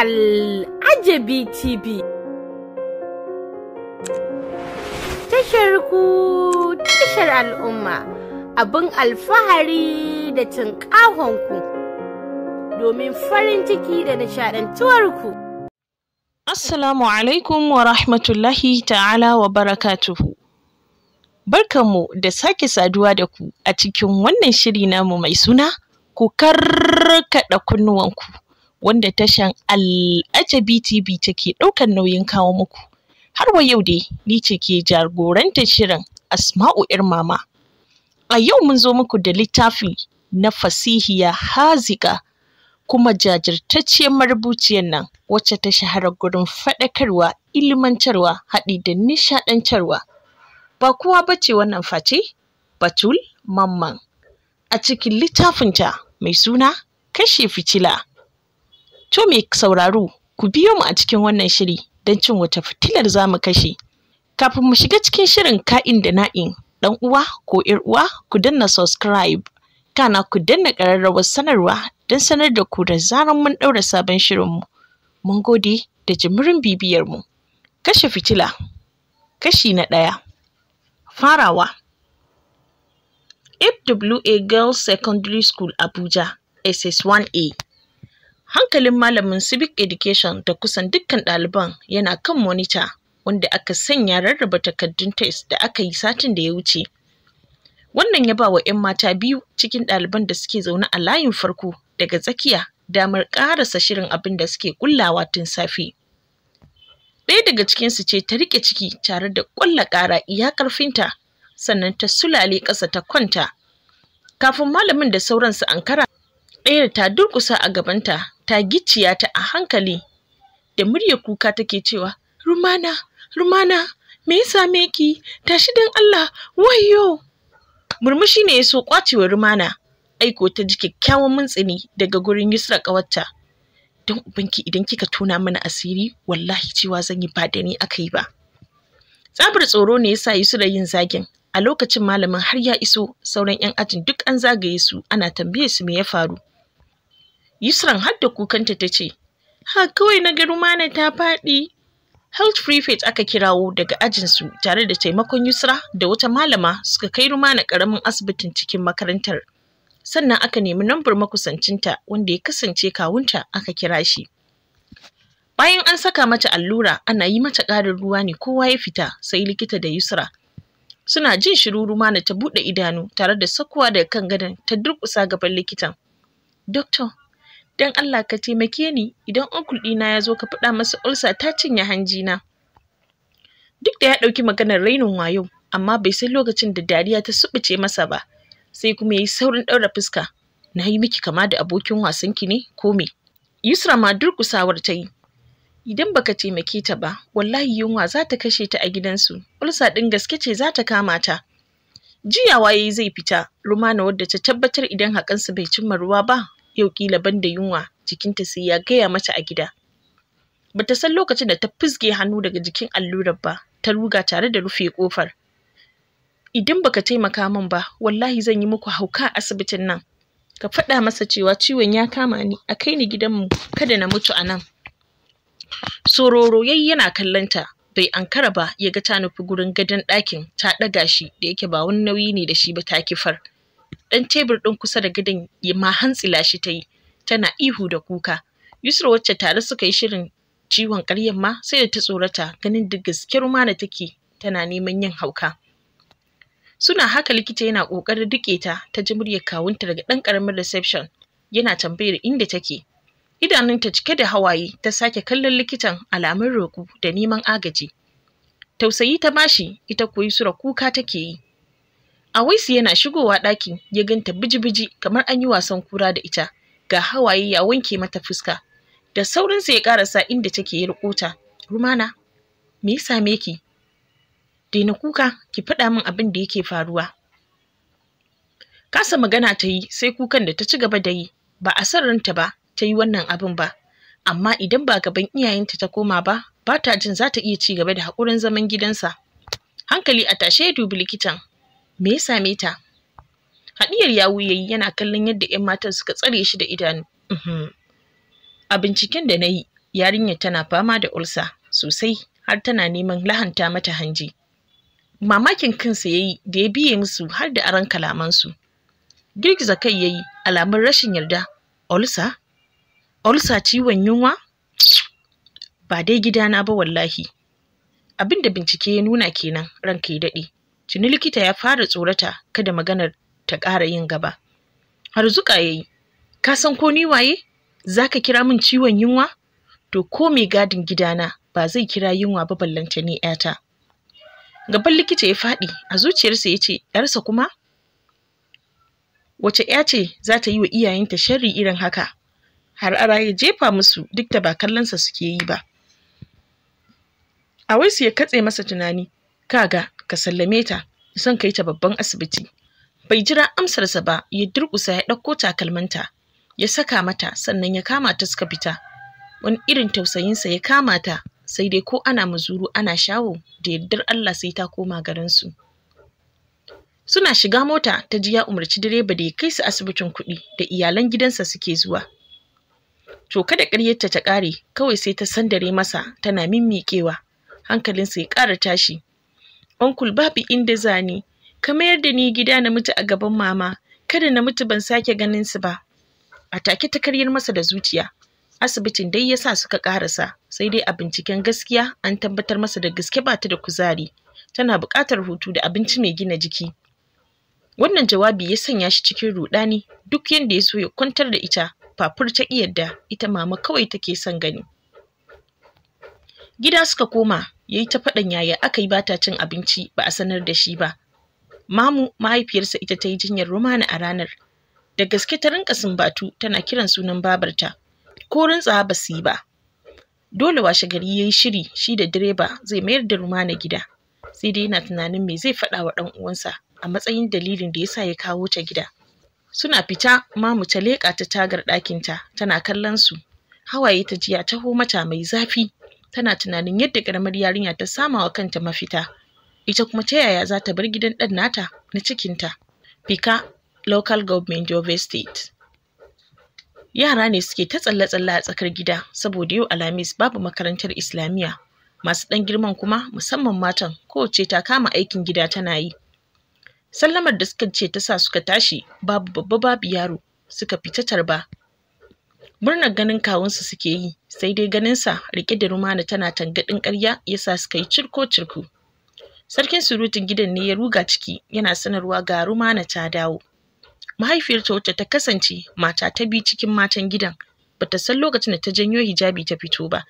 Al'ajabi TV. Tashar ku tashar al'umma abin alfahari da ku domin farin ciki da nishaɗantuwarku. Assalamu alaikum wa rahmatullahi ta'ala wa barakatuhu. Barkanmu da sake saduwa da ku a cikin wannan shiri namu mai suna ku karkaɗa kunnuwanku. wanda tashan Al'ajabi TV take ɗaukar nauyin kawo muku. Har wa yau dai ni ce ke jagorantar shirin Asma'u 'yar mama. A yau mun zo muku da littafi na fasihiya haziƙa, kuma jajirtacciyar marubuciyar nan wacce ta shahara gurin faɗakarwa, ilmantarwa, haɗi da nishaɗantarwa. Ba kowa bace wannan face? Batul Mamman. A cikin littafinta mai suna Kashe Fitila. To mai sauraro, ku biyo mu a cikin wannan shiri don cin wata fitilar za mu kashe. Kafin mu shiga cikin shirin ka'in da na'in, ɗan uwa ko ‘yar uwa ku danna subscribe. Kana ku danna ƙararrawar sanarwa don sanar da ku da zarar mun ɗaura sabon shirinmu. Mun gode da jimirin mu. Kashe fitila. Kashi na ɗaya. Farawa. FWA Girls Secondary School Abuja, SS1A. hankalin malamin civic education da kusan dukkan ɗaliban yana kan monita wanda aka sanya rarraba takardun test da aka yi satin da ya wuce wannan ya ba wa 'yan mata biyu cikin ɗaliban da suke zaune a layin farko daga tsakiya damar ƙarasa shirin abin da suke kullawa tun safe ɗaya daga cikinsu ce ta riƙe ciki tare da ƙwalla ƙara iya ƙarfinta sannan ta sulale ƙasa ta kwanta kafin malamin da sauransu ankara ɗaya ta durƙusa a gabanta ta gicciya ta a hankali da murya kuka take cewa rumana rumana me ya same ki tashi dan Allah wayyo murmushi ne ya so kwacewa rumana aiko ta ji kyakkyawan muntsini daga gurin Yusra kawarta don ubanki idan kika tona mana asiri wallahi cewa zan yi ba da ni aka yi ba tsabar tsoro ne yasa Yusra yin zagin a lokacin malamin har ya iso sauran 'yan ajin duk an zagaye su ana tambaye su me ya faru Yusran har da kukanta ta ce, Ha kawai na ga rumana ta faɗi. Health prefect aka kirawo daga ajinsu tare da taimakon Yusra da wata malama suka kai rumana ƙaramin asibitin cikin makarantar. Sannan aka nemi nambar makusancinta wanda ya kasance kawunta aka kira shi. Bayan an saka mata allura ana yi mata ƙarin ruwa ne kowa ya fita sai likita da Yusra. Suna jin shiru rumana ta buɗe idanu tare da sakuwa daga kan gadon ta durƙusa gaban likitan. Doktor, don Allah ka taimake ni idan uncle ɗina ya zo ka faɗa masa ulsa ta cinye hanji na. Duk da ya ɗauki maganar rainin wayo, amma bai san lokacin da dariya ta subuce masa ba, sai kuma ya yi saurin ɗaura fuska. Na yi miki kama da abokin wasanki ne ko me? Yusra ma durƙusawar ta yi. Idan baka taimake ta ba, wallahi yunwa za ta kashe ta a gidansu, ulsa ɗin gaske ce za ta kama ta. jiya waye zai fita rumana wadda ta tabbatar idan su bai cimma ruwa ba yau kila da yunwa jikinta sai ya gaya mata a gida bata san lokacin da ta fizge hannu daga jikin allurar ba ta ruga tare da rufe kofar idan baka taimaka min ba wallahi zan yi muku hauka a asibitin nan ka faɗa masa cewa ciwon ya kama ni a kai ni gidanmu kada na mutu a nan sororo yayi yana kallonta bai ankara ba ya ga ta nufi gurin gadon ɗakin ta ɗaga shi da yake ba wani nauyi ne da shi ba ta kifar ɗan tebur ɗin kusa da gidan ma hantsila shi ta yi tana ihu da kuka yusra wacce tare suka yi shirin ciwon ƙaryan ma sai da ta tsorata ganin duk gaske rumana take tana neman yin hauka suna haka likita yana ƙoƙarin riƙe ta ta ji muryar kawunta daga ɗan ƙaramin reception yana tambayar inda take idanunta cike da hawaye ta sake kallon likitan alamun roƙo da neman agaji tausayi ta bashi ita koyi sura kuka take yi Awaisu yana shigowa ɗakin ya ganta biji-biji kamar an yi wasan kura da ita, ga hawaye ya wanke mata fuska. Da saurinsa ya ƙarasa inda take ya ta. Rumana, me ya same ki? Daina kuka, ki faɗa min abin da yake faruwa. Kasa magana ta yi sai kukan da ta ci gaba da yi, ba a san ranta ba ta yi wannan abin ba. Amma idan ba gaban iyayenta ta koma ba, ba ta jin za ta iya ci gaba da haƙurin zaman gidansa. Hankali a tashe ya dubi likitan me ya same ta hadiyar ya yayi yana kallon yadda yan matan suka tsare shi da idanu uhm. a binciken da na yi yarinyar tana fama da ulsa sosai har tana neman lahanta mata hanji mamakin kansa yayi da ya biye musu har da aron kalamansu girgiza kai yayi alamar rashin yarda ulsa ulsa ciwon yunwa ba dai gidana ba wallahi Abinda bincike ya nuna kenan ranka ya daɗe tuni likita ya fara tsorata kada maganar ta ƙara yin gaba har zuƙa ya yi ka san ko ni waye za ka kira min ciwon yunwa to ko mai gadin gidana ba zai kira yunwa ba ballanta ne yata gaban likita ya faɗi a zuciyarsa ya ce yarsa kuma wace ya ce za ta yi wa iyayenta sharri irin haka har ara ya jefa musu duk da ba kallonsa suke yi ba A su ya katse masa tunani kaga ka sallame ta ka kai ta babban asibiti bai jira amsarsa ba ya durƙusa ya ɗauko takalminta ya saka mata sannan ya kama ta suka fita wani irin tausayinsa ya kama ta sai dai ko ana muzuru ana shawo da yardar Allah sai ta koma garinsu suna shiga mota ta ji ya umarci direba da ya kai su asibitin kuɗi da iyalan gidansa suke zuwa to kada ƙaryarta ta ƙare kawai sai ta sandare masa tana mimmiƙewa hankalinsa ya ƙara tashi Uncle babu inda zani. Ka mayar da ni gida na mutu a gaban mama. Kada na mutu ban sake ganin su ba. A take ta karyar masa da zuciya. Asibitin dai ya sa suka karasa sai dai a binciken gaskiya an tabbatar masa da gaske ba ta da kuzari. Tana buƙatar hutu da abinci mai gina jiki. Wannan jawabi ya sanya shi cikin ruɗani duk yadda ya so ya kwantar da ita fafur ta ƙi ita mama kawai take son gani. Gida suka koma yayi ta faɗan yaya aka yi bata cin abinci ba a sanar da shi ba mamu mahaifiyarsa ita ta yi jinyar rumana a ranar da gaske ta rinka sumbatu tana kiran sunan babarta ko rintsa ba su yi ba dole washe gari ya yi shiri shi da direba zai mayar da rumana gida sai dai yana tunanin me zai faɗa wa ɗan uwansa a matsayin dalilin da yasa ya kawo ta gida suna fita mamu ta leƙa ta tagar ɗakinta tana kallon su hawaye ta jiya taho mata mai zafi tana tunanin yadda karamar yarinya ta sama wa kanta mafita ita kuma ta yaya za ta bar gidan ɗan nata na cikinta fika local government Jove state yara ne suke ta tsalle-tsalle a tsakar gida saboda yau alhamis babu makarantar islamiyya masu ɗan girman kuma musamman matan kowace ta kama aikin gida tana yi sallamar da suka ce ta sa suka tashi babu babba babu yaro suka fita tarba murnar ganin kawunsa suke yi sai dai ganinsa rike da rumana tana tangadin ƙarya yasa suka yi cirko cirko sarkin surutun gidan ne ya ruga ciki yana sanarwa ga rumana ta dawo mahaifiyar ta wacce ta kasance mata ta bi cikin matan gidan bata san lokacin da ta janyo hijabi ta fito ba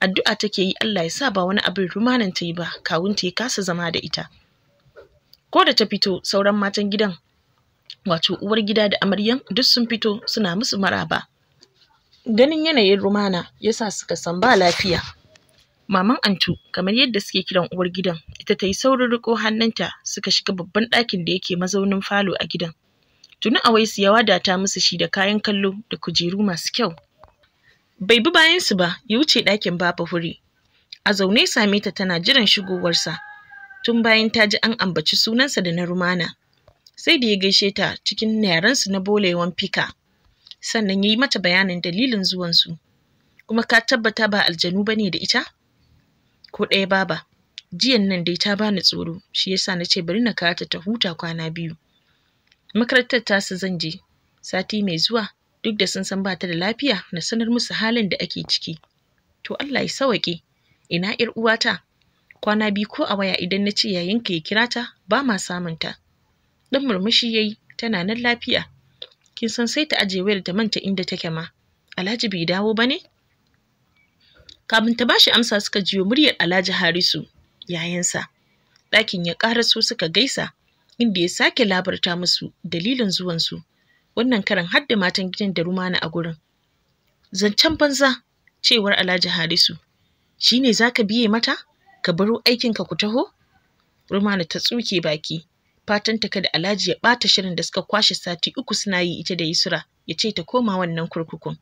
addu'a take yi Allah ya sa ba wani abin rumanan ta yi ba kawunta ya kasa zama da ita ko da ta fito sauran matan gidan wato uwar gida da amaryan duk sun fito suna musu maraba ganin yanayin rumana ya sa suka san ba lafiya maman antu kamar yadda suke kiran uwar gidan ita ta yi saurin riko hannunta suka shiga babban ɗakin da yake mazaunin falo a gidan tuni awaisu ya wadata musu shi da kayan kallo da kujeru masu kyau bai bi bayan su ba ya wuce ɗakin baba huri a zaune same ta tana jiran shigowarsa tun bayan ta ji an ambaci sunansa da na rumana sai da ya gaishe ta cikin yarensu na bolewan fika sannan ya yi mata bayanin dalilin zuwansu kuma ka tabbata ba aljanu ba ne da ita ko ɗaya baba jiyan nan dai ta bani tsoro shi yasa na ce bari na kata ta huta kwana biyu makarantar ta su zan je sati mai zuwa duk da sun san ba ta da lafiya na sanar musu halin da ake ciki to Allah ya sawaƙe ina 'yar uwata kwana biyu ko a waya idan na ce yayinka ya kira ta ba ma samun ta Ɗan murmushi yi tana nan lafiya kin san sai ta ajiye wayar ta manta inda take ma alhaji bai dawo ba ne kafin ta bashi amsa suka jiyo muryar alhaji harisu yayansa ɗakin ya ƙaraso suka gaisa inda ya sake labarta musu dalilin zuwansu wannan karan har da matan gidan da rumana a gurin zancen banza cewar alhaji harisu shine zaka biye mata ka baro aikinka ku taho rumana ta tsuke baki fatanta kada alhaji ya bata shirin da suka kwashe sati uku suna yi ita da yusra ya ce ta koma wannan kurkukun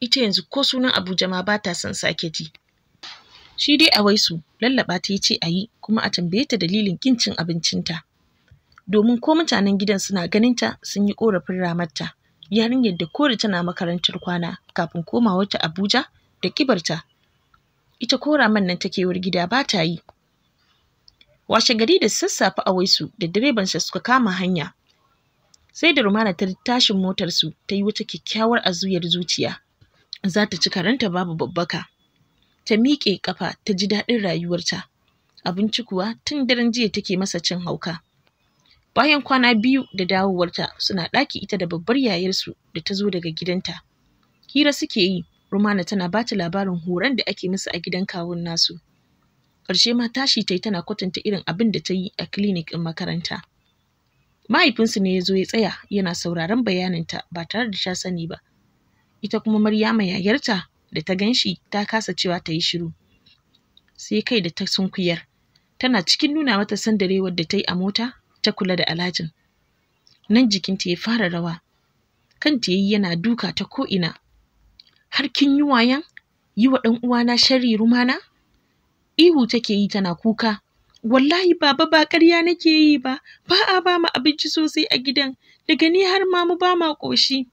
ita yanzu ko sunan abuja ma ba ta son sake ji shi dai a waisu lallaba ta ce a yi kuma a tambaye ta dalilin kin cin abincinta domin ko mutanen gidan suna ganinta sun yi korafin ramarta yarinyar da kore tana makarantar kwana kafin komawarta abuja da kibarta ita ko raman nan takewar gida ba ta yi washe gari da sassafe a waisu da direban sa suka kama hanya sai da rumana ta tashin motarsu ta yi wata kyakkyawar azuyar zuciya za ta ci karanta babu babbaka ta miƙe kafa ta ji daɗin rayuwarta abinci kuwa tun daren jiya take masa cin hauka bayan kwana biyu da dawowarta suna ɗaki ita da babbar yayarsu da ta zo daga gidanta hira suke yi rumana tana ba ta labarin horon da ake musu a gidan kawun nasu ƙarshe ma tashi ta yi tana kwatanta irin abin da ta yi a clinic in makaranta mahaifinsu ne ya zo ya tsaya yana sauraron bayaninta ba tare da ta sani ba ita kuma maryama yayarta da ta ganshi ta kasa cewa ta yi shiru sai kai da ta sunkuyar tana cikin nuna mata sandarewar da ta yi a mota ta kula da alhajin nan jikinta ya fara rawa kanta yayi yana duka ta ko'ina har kin yi wayan yi wa ɗan uwana sharri rumana ihu take yi tana kuka wallahi baba ba ƙarya nake yi ba ba a ba mu abinci sosai a gidan daga ni har ma mu ba ma ƙoshi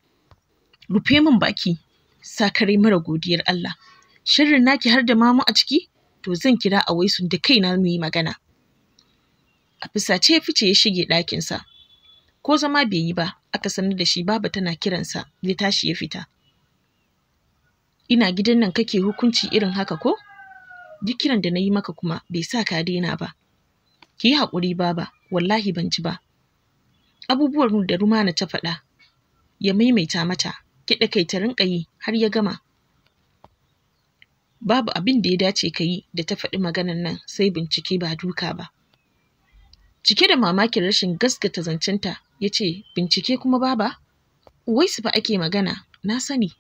rufe min baki sakare mara godiyar Allah shirin naki har da mamu a ciki to zan kira a waisu da kaina mu yi magana a fusace ya fice ya shige ɗakinsa ko zama bai yi ba aka sanar da shi baba tana kiransa ya tashi ya fita ina gidan nan kake hukunci irin haka ko duk kiran da na yi maka kuma bai sa ka daina ba ki yi haƙuri baba wallahi ban ji ba abubuwan da rumana ta faɗa ya maimaita mata kiɗa kai ta rinƙa yi har ya gama babu abin da ya dace ka yi da ta faɗi maganan nan sai bincike ba duka ba cike da mamakin rashin gaskata zancenta ya ce bincike kuma baba wai su fa ake magana na sani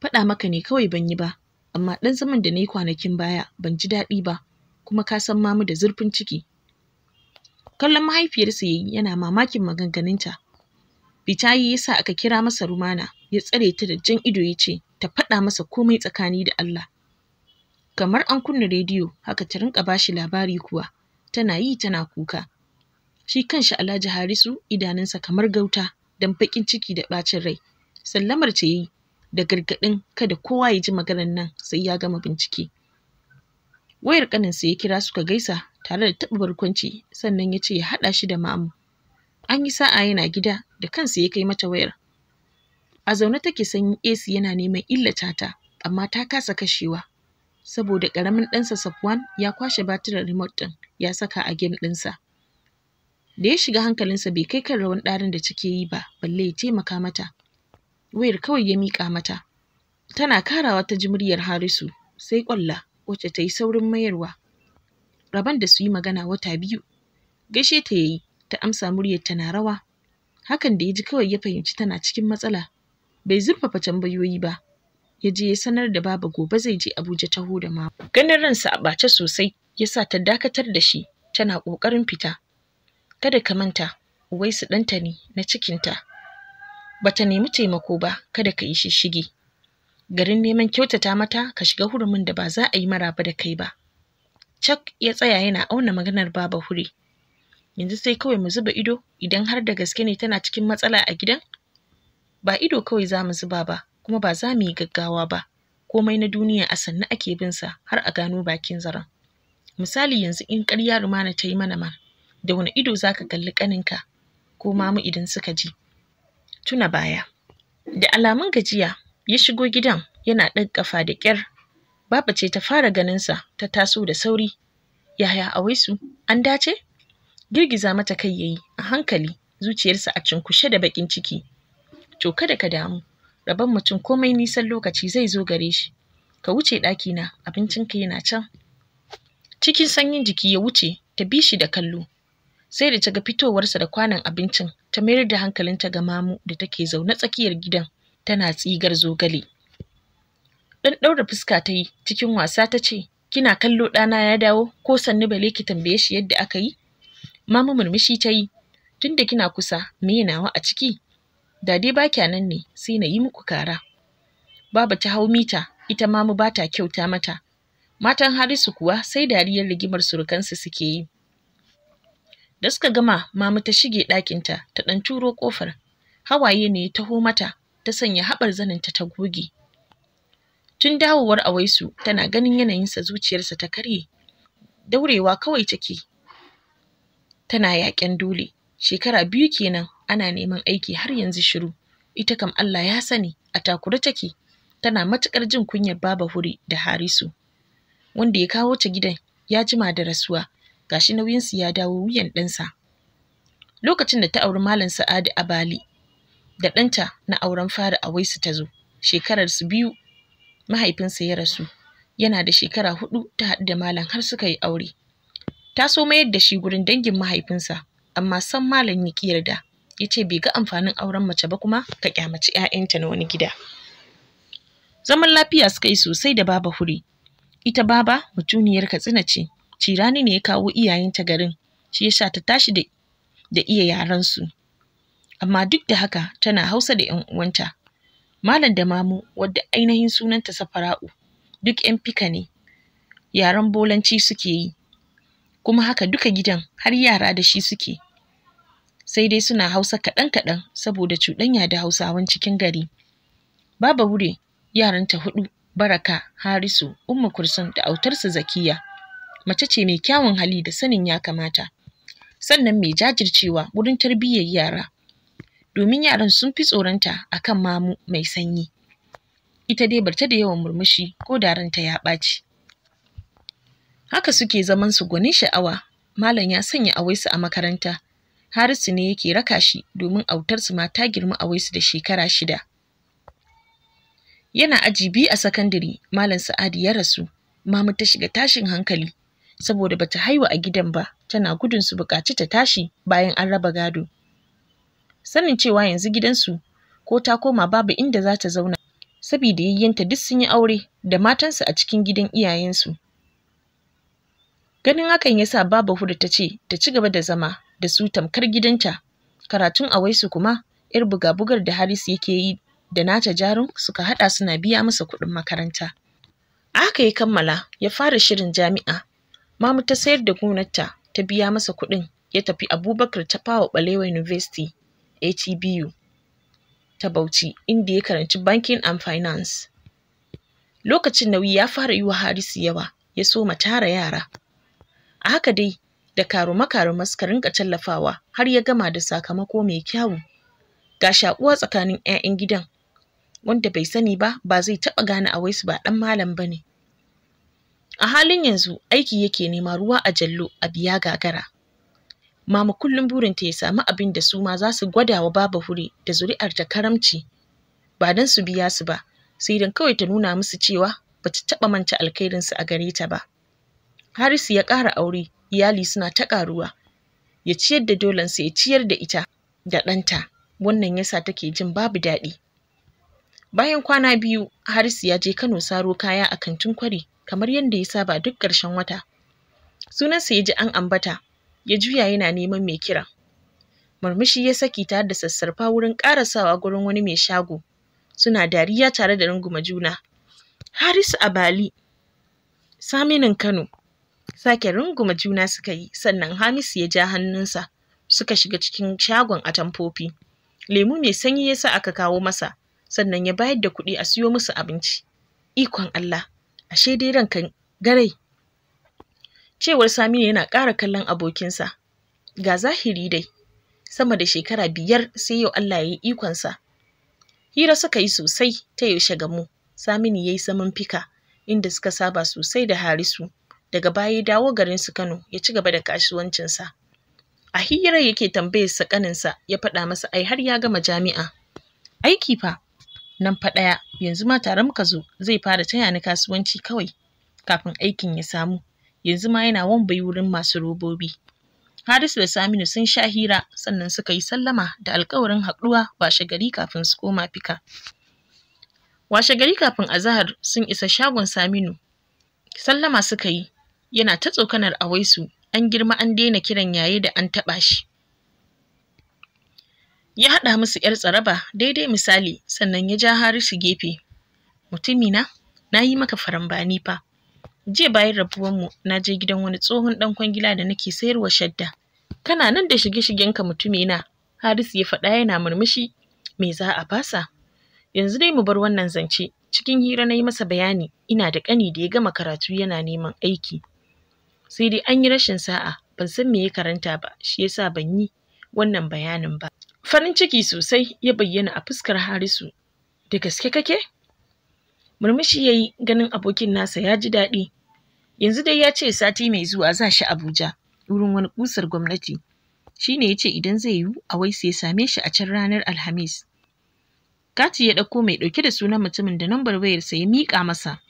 faɗa maka ne kawai ban yi ba amma ɗan zaman da na yi kwanakin baya ban ji daɗi ba kuma ka san mamu da zurfin ciki kallon mahaifiyarsa ya yi yana mamakin maganganunta bitayi ya sa aka kira masa rumana ya tsare ta da jan ido ya ce ta faɗa masa komai tsakani da Allah kamar an kunna rediyo haka ta rinka bashi labari kuwa tana yi tana kuka shi kan kanshi Alhaji Harisu idanunsa kamar gauta dan baƙin ciki da ɓacin rai sallamar ce yi da gargaɗin kada kowa ya ji maganar nan sai ya gama bincike wayar ƙaninsa ya kira suka gaisa tare da taɓa barkwanci sannan ya ce ya haɗa shi da mamu. an yi sa'a yana gida da kansa ya kai mata wayar a zaune take sanyin AC yana neman illata ta amma ta kasa kashewa saboda ƙaramin ɗansa Safwan ya kwashe batirin remote ɗin ya saka a game ɗinsa. Da ya shiga hankalinsa bai kai kan rawan ɗarin da take yi ba balle ya taimaka mata. wayar kawai ya miƙa mata tana karawa ta ji muryar harisu sai ƙwalla wacce ta yi saurin mayarwa rabon da su yi magana wata biyu gaishe ta yi ta amsa muryar tana rawa hakan da ya ji kawai ya fahimci tana cikin matsala bai zurfafa tambayoyi ba ya je ya sanar da baba gobe zai je abuja taho da ma ganin ransa a ɓace sosai ya sa ta dakatar da shi tana ƙoƙarin fita kada ka manta uwaisu ɗanta ne na cikinta bata nemi taimako ba kada ka yi shishigi garin neman kyautata mata ka shiga hurumin da ba za a yi maraba da kai ba Chuck ya tsaya yana auna maganar Baba huri. Yanzu sai kawai mu zuba ido idan har da gaske ne tana cikin matsala a gidan? Ba ido kawai za mu zuba ba, kuma ba za mu yi gaggawa ba. Komai na duniya a sannu ake bin sa har a gano bakin zaren. Misali yanzu in ƙarya rumana ta yi mana ma, da wani ido za ka kalli ƙaninka ko mamu idan suka ji. tuna baya da alamun gajiya ya shigo gidan yana ɗan ƙafa da ƙyar baba ce ta fara ganinsa ta taso da sauri yaya a waisu an dace girgiza mata kai yayi a hankali zuciyarsa a cunkushe da baƙin ciki to kada ka damu rabon mutum komai nisan lokaci zai zo gare shi ka wuce ɗakina abincinka yana can cikin sanyin jiki ya wuce ta bi shi da kallo sai da ta ga fitowarsa da kwanon abincin ta mayar da hankalinta ga mamu da take zaune tsakiyar gidan tana tsigar zogale dan ɗaura fuska ta yi cikin wasa ta ce kina kallo ɗana ya dawo ko sannu bale ki tambaye shi yadda aka yi mamu murmushi ta yi tunda kina kusa me nawa a ciki da dai ba kya nan ne sai na yi muku kara baba ta hau mita ita mamu ba ta kyauta mata matan harisu kuwa sai dariyar rigimar surukansu suke yi da suka gama mamu ta shige ɗakinta ta ɗan turo ƙofar hawaye ne ya taho mata ta sanya haɓar zaninta ta ta goge tun dawowar awaisu tana ganin yanayinsa zuciyarsa ta karye daurewa kawai take tana yaƙen dole shekara biyu kenan ana neman aiki har yanzu shiru ita kam Allah ya sani a takure take tana matuƙar jin kunyar baba huri da harisu wanda ya kawo ta gidan ya jima da rasuwa gashi nauyinsu ya dawo wuyan ɗansa lokacin da ta auri malam sa'adu a bali da ɗanta na auren fara a waisu ta zo shekarar su biyu mahaifinsa ya rasu yana da shekara hudu ta haɗu da malam har suka yi aure ta so mayar da shi gurin dangin mahaifinsa amma san malam ya ƙi yarda ya ce bai ga amfanin auren mace ba kuma ka kyamaci 'ya'yanta na wani gida zaman lafiya suka yi sosai da baba huri ita baba mutuniyar katsina ce cirani ne ya kawo iyayenta garin shi yasa ta tashi da iya yaran su amma duk da haka tana hausa da yan uwanta malam da mamu wadda ainihin sunanta safara'u duk yan fika ne yaren bolanci suke yi kuma haka duka gidan har yara da shi suke sai dai suna hausa kaɗan-kaɗan saboda cuɗanya da hausawan cikin gari baba wure yaranta hudu baraka harisu umma kursun da autarsa zakiya mace ce mai kyawun hali da sanin ya kamata sannan mai jajircewa wurin tarbiyyar yara domin yaran sun fi tsoronta a kan mamu mai sanyi ita dai barta da yawan murmushi ko da ranta ya ɓaci haka suke zaman su gwanin sha'awa malam ya sanya awaisu a makaranta harisu ne yake raka shi domin autarsu ma ta girma awaisu da shekara shida yana aji biyu a sakandare malam sa'adi ya rasu mamu ta shiga tashin hankali saboda bata haihu a gidan ba tana gudun su buƙaci ta tashi bayan an raba gado sanin cewa yanzu gidansu ko ta koma babu inda za ta zauna saboda yayyanta duk sun yi aure da matansu a cikin gidan iyayensu ganin hakan yasa baba huda ta ce ta ci gaba da zama da su tamkar gidanta karatun a waisu kuma yar buga-bugar da harisu yake yi da nata jarun suka hada suna biya masa kuɗin makaranta aka yi kammala ya fara shirin jami'a Mamu ta sayar da gonarta ta biya masa kuɗin ya tafi Abubakar ta Tafawa Balewa University (ATBU) e ta Bauchi inda ya karanci Banking and Finance. Lokacin nauyi ya fara yi wa Harisu yawa ya soma tara yara. A haka dai da karu makaru maskarin rinka tallafawa har ya gama da sakamako mai kyawu. Ga shaƙuwa tsakanin 'ya'yan gidan wanda bai sani ba ba zai taɓa gane a waisu ba ɗan malam ba ne. a halin yanzu aiki yake nema ruwa a jallo a biya gagara mama kullum burinta ya samu abin da su ma za su gwada wa baba hure da zuri'ar ta karamci ba don su biya su ba sai don kawai ta nuna musu cewa ba ta taɓa manta alkhairinsu a gare ta ba harisu ya ƙara aure iyali suna ta ƙaruwa ya ciyar da dolansa ya ciyar da ita da ɗanta wannan yasa take jin babu daɗi bayan kwana biyu harisu ya je kano saro kaya a kantin kwari kamar yadda ya saba duk ƙarshen wata. Sunansa ya ji an ambata, ya juya yana neman mai kira. Murmushi ya saki tare da sassarfa wurin ƙarasawa gurin wani mai shago. Suna dariya tare da runguma juna. Harisu bali Saminin Kano, sake runguma juna suka yi, sannan Hamisu ya ja hannunsa suka shiga cikin shagon atamfofi. Lemu mai sanyi ya sa aka kawo masa, sannan ya bayar da kuɗi a siyo musu abinci. Ikon Allah, ashe dai ranka garai cewar Saminu yana ƙara kallon abokinsa ga zahiri dai sama da shekara biyar sai yau Allah ya yi ikonsa hira suka yi sosai ta yaushe gamu Saminu ya yi saman fika inda suka saba sosai da Harisu daga baya ya dawo garin su Kano ya ci gaba da kasuwancinsa a hira yake tambayar sa ya faɗa masa ai har ya gama jami'a aiki fa nan fa ɗaya yanzu ma tare muka zo zai fara taya ni kasuwanci kawai kafin aikin ya samu yanzu ma yana wambayi wurin masu robobi Harisu da Saminu sun sha hira sannan suka yi sallama da alkawarin haɗuwa washe gari kafin su koma fika. Washe gari kafin azahar sun isa shagon Saminu. Sallama suka yi yana ta tsokanar awaisu an girma an daina kiran yaye da an taɓa shi. ya haɗa musu ‘yar tsaraba daidai misali sannan ya ja harisu gefe mutumina na yi maka farambani fa jiya bayan rabuwanmu na je gidan wani tsohon ɗan kwangila da nake sayarwa shadda kana nan da shige-shigenka mutumina harisu ya faɗa yana murmushi me za a fasa yanzu dai mu bar wannan zance cikin hira na yi masa bayani ina da ƙani da ya gama karatu yana neman aiki sai dai an yi rashin sa'a ban san me ya karanta ba shi yasa ban yi wannan bayanin ba Farin ciki sosai ya bayyana a fuskar Harisu. Da gaske kake? Murmushi ya yi ganin abokin nasa ya ji daɗi. Yanzu dai ya ce sati mai zuwa za shi Abuja wurin wani kusar gwamnati. Shi ne ya ce idan zai yi a wai ya same shi a can ranar Alhamis. Kati ya ɗauko mai ɗauke da sunan mutumin da nambar wayarsa ya miƙa masa.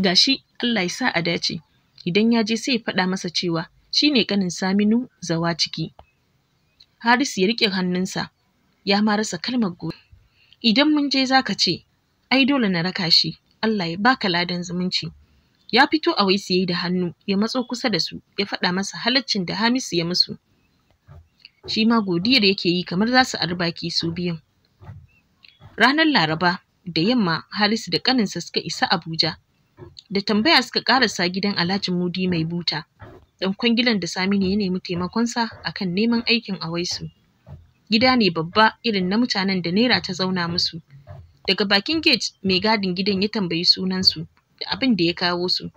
Ga shi Allah ya sa a dace. Idan ya je sai ya faɗa masa cewa shi ne ƙanin Saminu zawa ciki. Harisu ya riƙe hannunsa, ya ma rasa kalmar gode. Idan mun je za ka ce, ai dole na raka shi, Allah ya baka ladan zumunci. Ya fito a waisi da hannu, ya matso kusa da su, ya faɗa masa halaccin da Hamisu ya musu. Shi ma godiyar yake yi kamar za su arbaki su biyun. Ranar Laraba da yamma Harisu da ƙaninsa suka isa Abuja. Da tambaya suka ƙarasa gidan Alhaji Mudi mai buta, ɗan kwangilan da Saminu ya nemi taimakonsa akan neman aikin a Waisu. Gida ne babba irin na mutanen da Naira ta zauna musu. Daga bakin gate mai gadin gidan ya tambayi sunansu da abin da ya kawo su.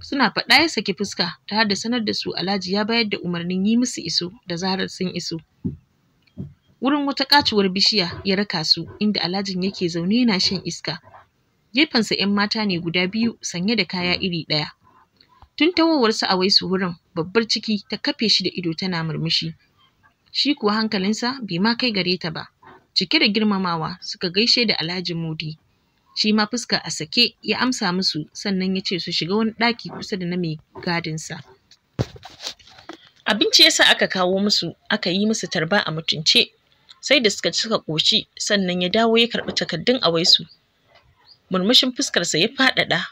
Suna faɗa ya saki fuska ta da sanar da su Alhaji ya bayar da umarnin yi musu iso da zarar sun iso. Wurin wata ƙaciwar bishiya ya raka su inda Alhajin yake zaune yana shan iska. gefensa 'yan mata ne guda biyu sanye da kaya iri ɗaya Tun tawowarsa a waisu wurin babbar ciki ta kafe shi da ido tana murmushi. Shi kuwa hankalinsa bai ma kai gare ta ba. Cike da girmamawa suka gaishe da Alhaji Mudi. Shi ma fuska a sake ya amsa musu sannan ya ce su shiga wani ɗaki kusa da na mai gadinsa. Abinci ya sa aka kawo musu aka yi musu tarba a mutunce sai da suka cika ƙoshi sannan ya dawo ya karɓi takardun a waisu. Murmushin fuskarsa ya faɗaɗa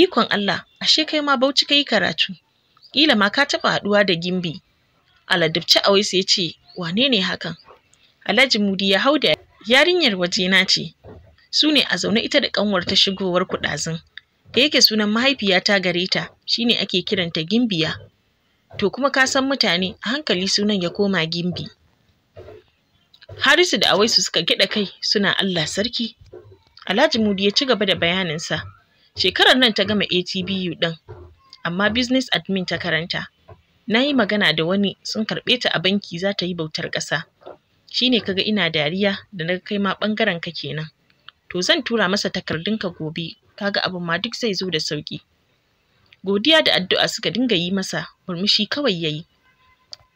ikon Allah ashe kai ma bauchi kai karatu ƙila ma ka taɓa haɗuwa da gimbi aladubci awaisu ya ce wane ne hakan alhaji mudi ya hau da yarinyar waje na ce su ne a zaune ita da ƙanwar ta shigowar kuɗazun. da yake sunan mahaifiyata gare ta shine ake kiranta gimbiya to kuma ka san mutane a hankali sunan ya koma gimbi harisu da awaisu suka gida kai suna allah sarki alhaji mudi ya ci gaba da bayaninsa Shekarar nan ta gama ATBU ɗin, amma business admin ta karanta. Na yi magana da wani sun karɓe ta a banki za ta yi bautar ƙasa. Shi ne kaga ina dariya da na kai ma ɓangaren ka kenan. To zan tura masa takardunka gobe, kaga abin ma duk zai zo da sauƙi. Godiya da addu'a suka dinga yi masa, murmushi kawai ya yi.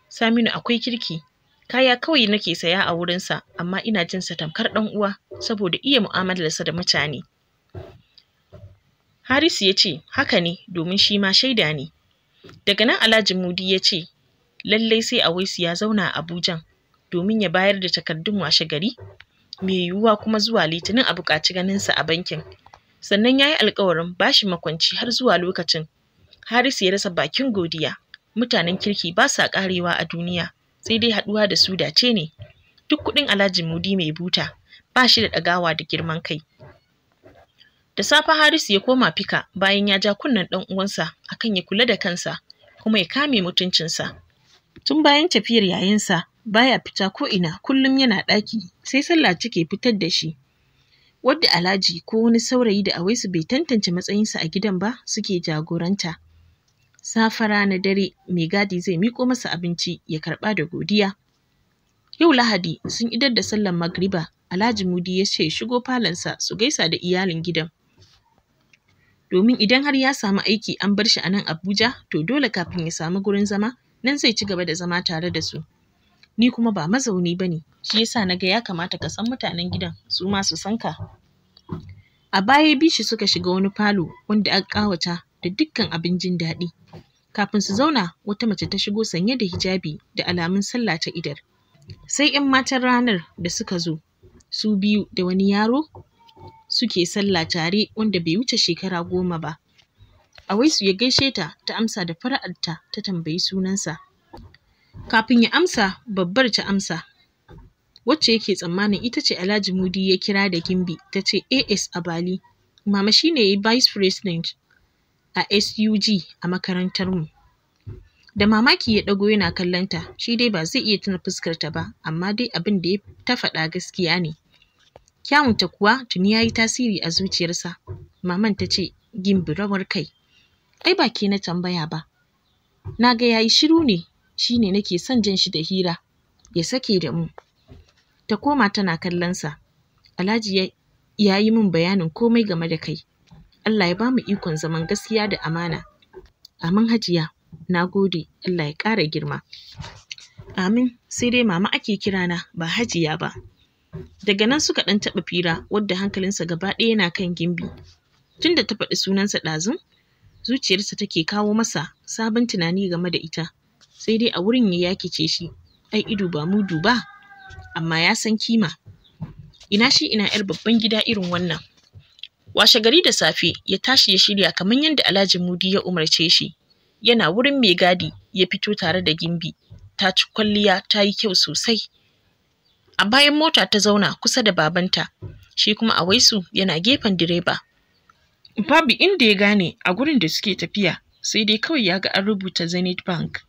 Saminu akwai kirki, kaya kawai nake saya a wurinsa, amma ina jinsa tamkar ɗan uwa saboda iya mu'amalarsa da mutane. Haris ya ce, haka ne domin shi ma shaida ne. Daga nan Alhaji Mudi ya ce, lallai sai Awaisu ya zauna a Abuja domin ya bayar da takardun washe gari, mai yiwuwa kuma zuwa Litinin a buƙaci ganinsa a bankin. Sannan ya yi alkawarin shi makwanci har zuwa lokacin. Harisu ya rasa bakin godiya, mutanen kirki ba sa ƙarewa a duniya, sai dai haɗuwa da su dace ne. Duk kuɗin Alhaji Mudi mai buta, ba shi da ɗagawa da girman kai. Da safe Harisu ya koma fika bayan ya ja kunnen ɗan uwansa akan ya kula da kansa kuma ya kame mutuncinsa. Tun bayan tafiyar yayinsa baya fita ko ina kullum yana ɗaki sai sallah ke fitar da shi. Wadda Alhaji ko wani saurayi da awaisu bai tantance matsayinsa a gidan ba suke jagoranta. Safara rana dare mai gadi zai miko masa abinci ya karɓa da godiya. Yau Lahadi sun idar da sallar magriba Alhaji Mudi ya ce shigo falonsa su gaisa da iyalin gidan. domin idan har ya samu aiki an bar shi a nan Abuja to dole kafin ya samu gurin zama nan zai ci gaba da zama tare da su. Ni kuma ba mazauni ba ne, shi yasa na ga ya kamata ka san mutanen gidan su ma su san ka. A baya shi suka shiga wani falo wanda aka ƙawata da dukkan abin jin daɗi. Kafin su zauna wata mace ta shigo sanye da hijabi da alamun sallah ta idar. Sai 'yan matan ranar da suka zo, su biyu da wani yaro suke sallah tare wanda bai wuce shekara goma ba. Awaisu ya gaishe ta ta amsa da fara'arta ta tambayi sunansa. Kafin ya amsa babbar ta amsa. Wacce yake tsammanin ita ce Alhaji Mudi ya kira da Gimbi ta ce AS a Bali. Mama shi ne Vice President a SUG a makarantar mu. Da mamaki ya ɗago yana kallonta, shi dai ba zai iya tuna fuskarta ba, amma dai abin da ta faɗa gaskiya ne. Kyawunta kuwa tuni ya yi tasiri a zuciyarsa. Maman ta ce, gimbirawar kai. Ai ba ke na tambaya ba. Na ga ya shiru ne, shi ne nake son jan shi da hira, ya sake da mu. Ta koma tana kallonsa. Alhaji ya yi min bayanin komai game da kai. Allah ya bamu ikon zaman gaskiya da amana. Amin hajiya, na gode, Allah ya ƙara girma. Amin, sai dai mama ake kirana ba hajiya ba. Daga nan suka ɗan taɓa fira wadda hankalinsa gaba ɗaya yana kan gimbi. Tun da ta faɗi sunansa ɗazun, zuciyarsa take kawo masa sabon tunani game da ita, sai dai a wurin ya yakice shi, ai ido ba mudu ba, amma ya san kima. Ina shi ina 'yar babban gida irin wannan. Washe gari da safe ya tashi ya shirya kamar yadda Alhaji Mudi ya umarce shi. Yana wurin mai gadi ya fito tare da gimbi, ta ci kwalliya ta yi kyau sosai. a bayan mota ta zauna kusa da babanta shi kuma a waisu yana gefen direba babu inda ya gane a gurin da suke tafiya sai dai kawai ya ga an rubuta zenith bank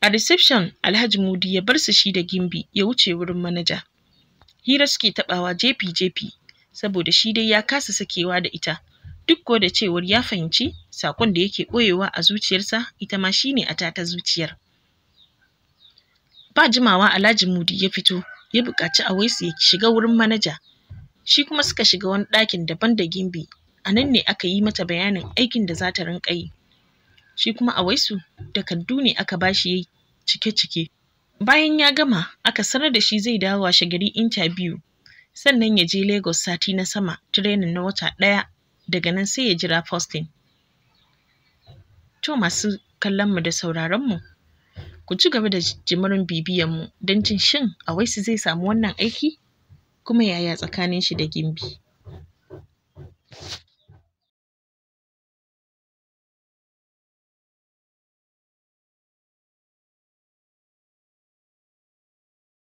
a reception alhaji mudi ya bar su shi da gimbi ya wuce wurin manaja hira suke tabawa jefi jefi saboda shi dai ya kasa sakewa da ita duk ko da cewar ya fahimci sakon da yake ɓoyewa a zuciyarsa ita ma shine a tata zuciyar ba jimawa alhaji mudi ya fito ya buƙaci Awaisu ya shiga wurin manaja. Shi kuma suka shiga wani ɗakin daban da Gimbi, a nan ne aka yi mata bayanin aikin da za ta rinƙa yi. Shi kuma Awaisu takardu ne aka shi ya yi cike-cike. Bayan ya gama, aka sanar da shi zai dawo washe gari intabiyu, sannan ya je Lagos sati na sama, tirenin na wata ɗaya, daga nan sai ya jira posting. To masu kallon mu da mu. Ku ci gaba da jimirin bibiyan mu don jin shin Awaisu zai samu wannan aiki kuma yaya tsakanin shi da Gimbi.